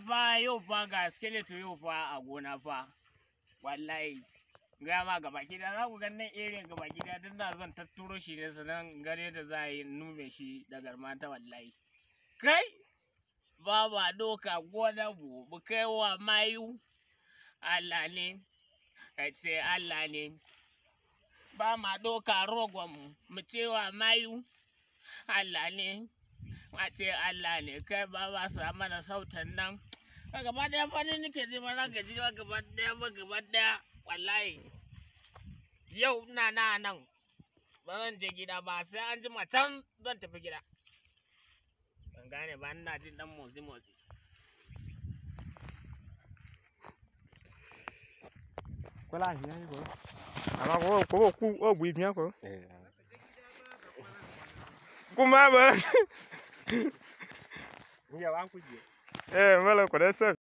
fa yau fa ga skeleton yau fa a gona fa wallahi ga ma gaba gida za ku gan nan area gaba gida dan na zan tatturo shi ne sanan gare da za a yi nume shi da garma ta wallahi kai baba doka gona bu kai wa mayu Allah ne ce Allah ne ba ma doka rogon mu mu ce wa mayu Allah ne a ce Allah ne kai ba ba su mana sautin nan gaba daya fani nake ji mana gaji ba gaba daya ba gaba daya wallahi yau ina na nan ba zan je gida ba sai an jima can zan tafi gida ban gane ba ina jin dan motsi motsi kwala shi ne ko amma ko ko ku o gwi biya ko eh, kuma ba Mwen yon an kou diye. E, mwen